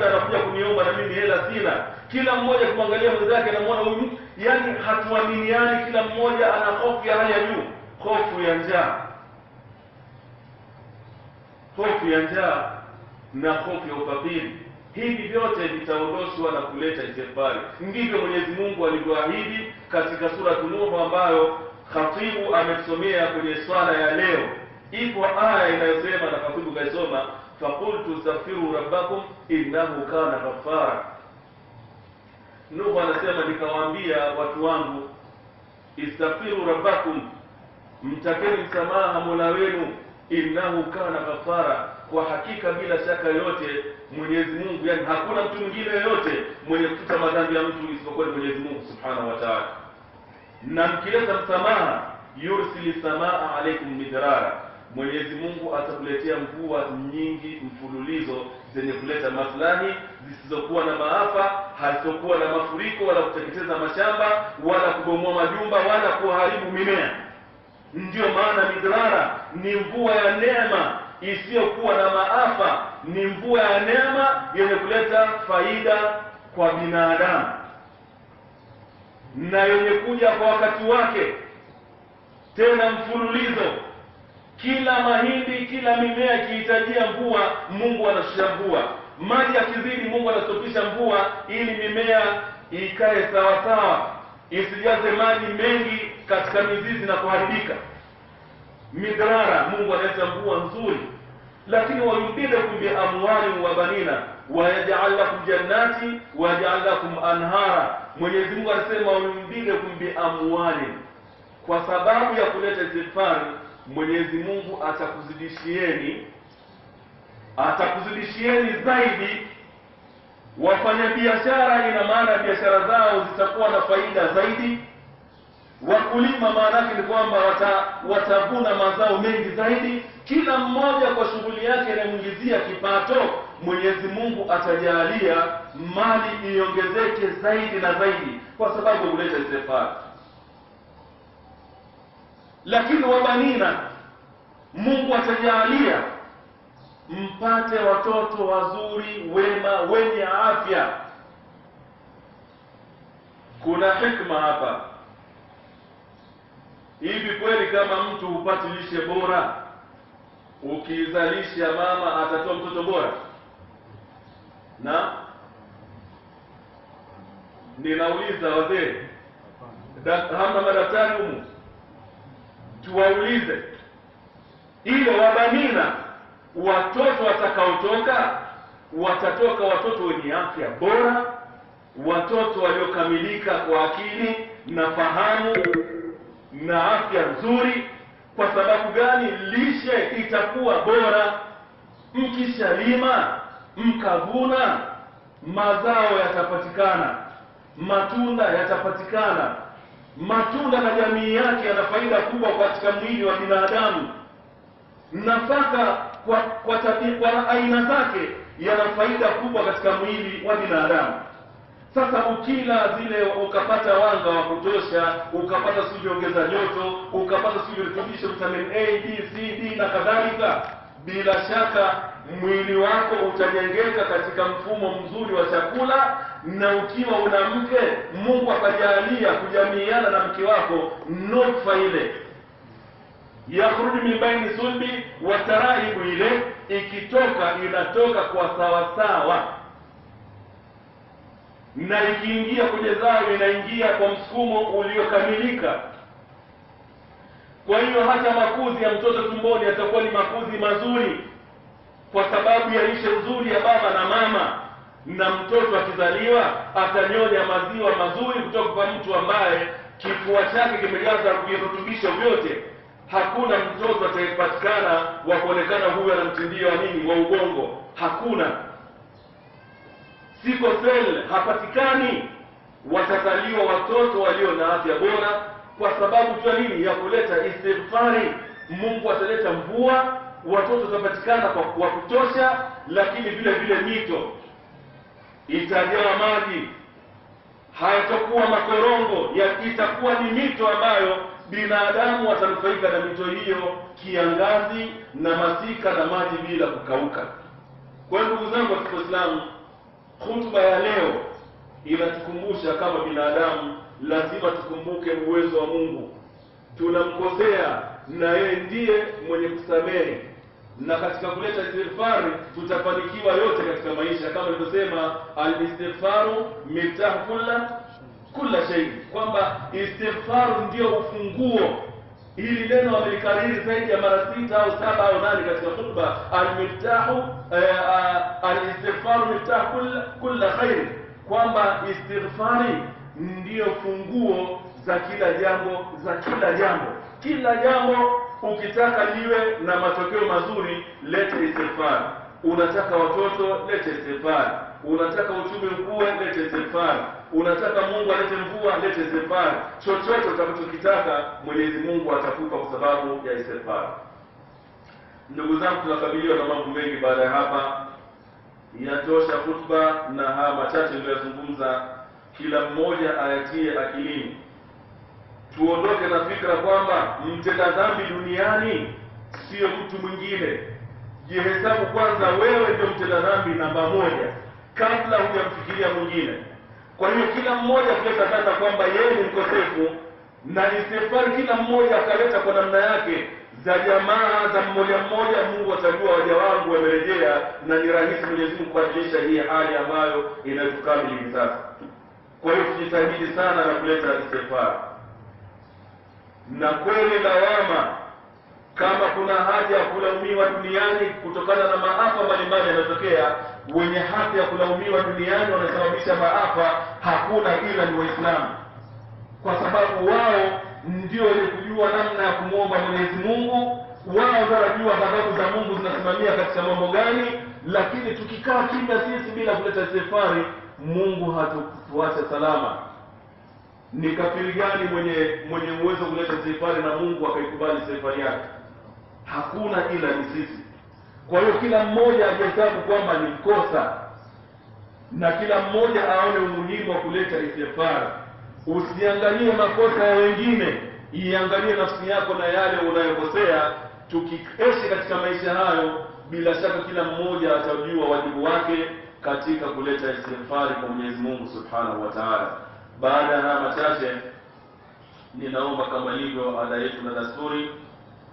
msaada anakuja kuniomba na mimi hela sina. Kila mmoja kumwangalia mwenzake anamwona huyu, yani hatuaminiani, kila mmoja ana hofu ya hali ya juu, hofu ya njaa, hofu ya njaa na hofu ya ufadhili Hivi vyote vitaondoshwa na kuleta istighfari. Ndivyo Mwenyezi Mungu alivyoahidi katika sura Nuhu ambayo khatibu ametusomea kwenye swala ya leo. Ipo aya inayosema na khatibu kaisoma faqultu stafiru rabbakum innahu kana ghaffara. Nuhu anasema nikawaambia watu wangu, istaghfiru rabbakum, mtakeni msamaha mola wenu, innahu kana ghafara, kwa hakika bila shaka yoyote Mwenyezi Mungu, yani hakuna mtu mwingine yoyote mwenye kufuta madhambi ya mtu isipokuwa ni Mwenyezi Mungu subhanahu wa taala, na mkileta msamaha yursil samaa alaikum midrara Mwenyezi Mungu atakuletea mvua nyingi mfululizo zenye kuleta maslahi zisizokuwa na maafa, hazizokuwa na mafuriko wala kuteketeza mashamba wala kubomoa majumba wala kuharibu mimea. Ndiyo maana midhara ni mvua ya neema isiyokuwa na maafa, ni mvua ya neema yenye kuleta faida kwa binadamu na yenye kuja kwa wakati wake, tena mfululizo. Kila mahindi, kila mimea ikihitajia mvua, Mungu anashusha mvua. Maji akizidi Mungu anastopisha mvua, ili mimea ikae sawa sawa, isijaze maji mengi katika mizizi na kuharibika. midrara Mungu analeta mvua nzuri, lakini wayumbidakum biamwali wa banina wayajal lakum jannati wayajal lakum anhara. Mwenyezi Mungu anasema wayumbidakum biamwali, kwa sababu ya kuleta istighfari Mwenyezi Mungu atakuzidishieni atakuzidishieni zaidi. Wafanyabiashara, ina maana biashara zao zitakuwa na faida zaidi. Wakulima, maana yake ni kwamba wata, watavuna mazao mengi zaidi. Kila mmoja kwa shughuli yake inayomwingizia kipato, Mwenyezi Mungu atajalia mali iongezeke zaidi na zaidi, kwa sababu huleta istighfar lakini wabanina, Mungu atajalia mpate watoto wazuri wema wenye afya. Kuna hikma hapa. Hivi kweli kama mtu hupati lishe bora, ukizalisha mama atatoa mtoto bora? Na ninauliza wazee, hamna madaktari humu? tuwaulize ile wabanina watoto watakaotoka watatoka watoto wenye afya bora, watoto waliokamilika kwa akili na fahamu na afya nzuri. Kwa sababu gani? Lishe itakuwa bora, mkishalima mkavuna, mazao yatapatikana, matunda yatapatikana matunda na jamii yake yana faida kubwa katika mwili wa binadamu. Nafaka kwa kwa, tabi, kwa aina zake yana faida kubwa katika mwili wa binadamu. Sasa ukila zile ukapata wanga wa kutosha, ukapata sijui ongeza joto, ukapata sijui virutubisho vitamin A, B, C, D na kadhalika bila shaka mwili wako utajengeka katika mfumo mzuri wa chakula, na ukiwa una mke, Mungu akajalia kujamiana na mke wako, nutfa ile yakhruju min baini sulbi wa tarahibu, ile ikitoka inatoka kwa sawasawa, na ikiingia kwenye zawo inaingia kwa msukumo uliokamilika. Kwa hiyo hata makuzi ya mtoto tumboni yatakuwa ni makuzi mazuri, kwa sababu ya lishe nzuri ya baba na mama, na mtoto akizaliwa atanyonya maziwa mazuri kutoka kwa mtu ambaye kifua chake kimejaza virutubisho vyote. Hakuna mtoto atayepatikana wa kuonekana huyu ana mtindio wa nini wa ubongo, hakuna siko sel hapatikani. Watazaliwa watoto walio na afya bora kwa sababu tu nini ya kuleta istighfari. Mungu ataleta mvua, watoto watapatikana kwa kutosha, lakini vile vile mito itajawa maji, hayatakuwa makorongo, itakuwa ni mito ambayo binadamu watanufaika na mito hiyo, kiangazi na masika na maji bila kukauka. Kwa ndugu zangu wa Kiislamu, khutba ya leo inatukumbusha kama binadamu, lazima tukumbuke uwezo wa Mungu. Tunamkosea na yeye ndiye mwenye kusamehe, na katika kuleta istighfari tutafanikiwa yote katika maisha, kama alivyosema alistighfaru miftahu kulla kulla shay, kwamba istighfaru ndio ufunguo Hili neno amelikariri zaidi ya mara sita au saba au nane katika khutba. Almiftahu, eh, ah, alistighfaru miftahu kulla khairi kwamba istighfari ndiyo funguo za kila jambo za kila jambo kila jambo ukitaka liwe na matokeo mazuri lete istighfari unataka watoto lete istighfari unataka uchumi ukue lete istighfari unataka Mungu alete mvua lete istighfari chochote utakachokitaka Mwenyezi Mungu atakupa kwa sababu ya istighfari ndugu zangu tunakabiliwa na mambo mengi baada ya hapa yatosha khutba na haya machache niliyozungumza kila mmoja ayatie akilini tuondoke na fikra kwamba mtenda dhambi duniani sio mtu mwingine jihesabu kwanza wewe ndio mtenda dhambi namba moja kabla hujamfikiria mwingine kwa hiyo kila mmoja tuwetakata kwamba yeye ni mkosefu na istighfari kila mmoja akaleta kwa namna yake za jamaa za mmoja mmoja mungu atajua waja wangu wamerejea na ni rahisi Mwenyezi Mungu kubadilisha hii hali ambayo inatukabili hivi sasa. Kwa hiyo tujitahidi sana na kuleta istighfar, na kweli lawama, kama kuna haja ya kulaumiwa duniani kutokana na maafa mbalimbali yanayotokea, wenye haki ya kulaumiwa duniani wanasababisha maafa hakuna ila ni Waislamu, kwa sababu wao ndio wenye kujua namna ya kumwomba Mwenyezi Mungu wao ndio wajua ghadhabu za Mungu zinasimamia katika mambo gani, lakini tukikaa kimya sisi bila kuleta sefari Mungu hatutuacha salama. Ni kafiri gani mwenye mwenye uwezo kuleta sefari na Mungu akaikubali sefari yake? Hakuna, ila ni sisi. Kwa hiyo kila mmoja ajihesabu kwamba ni mkosa na kila mmoja aone umuhimu wa kuleta istighfari. Usiangalie makosa ya wengine, iangalie nafsi yako na yale unayokosea tukikesi katika maisha hayo, bila shaka kila mmoja atajua wajibu wake katika kuleta istighfari kwa Mwenyezi Mungu Subhanahu wa Ta'ala. Baada ya haya machache, ninaomba kama ilivyo ada yetu na dasturi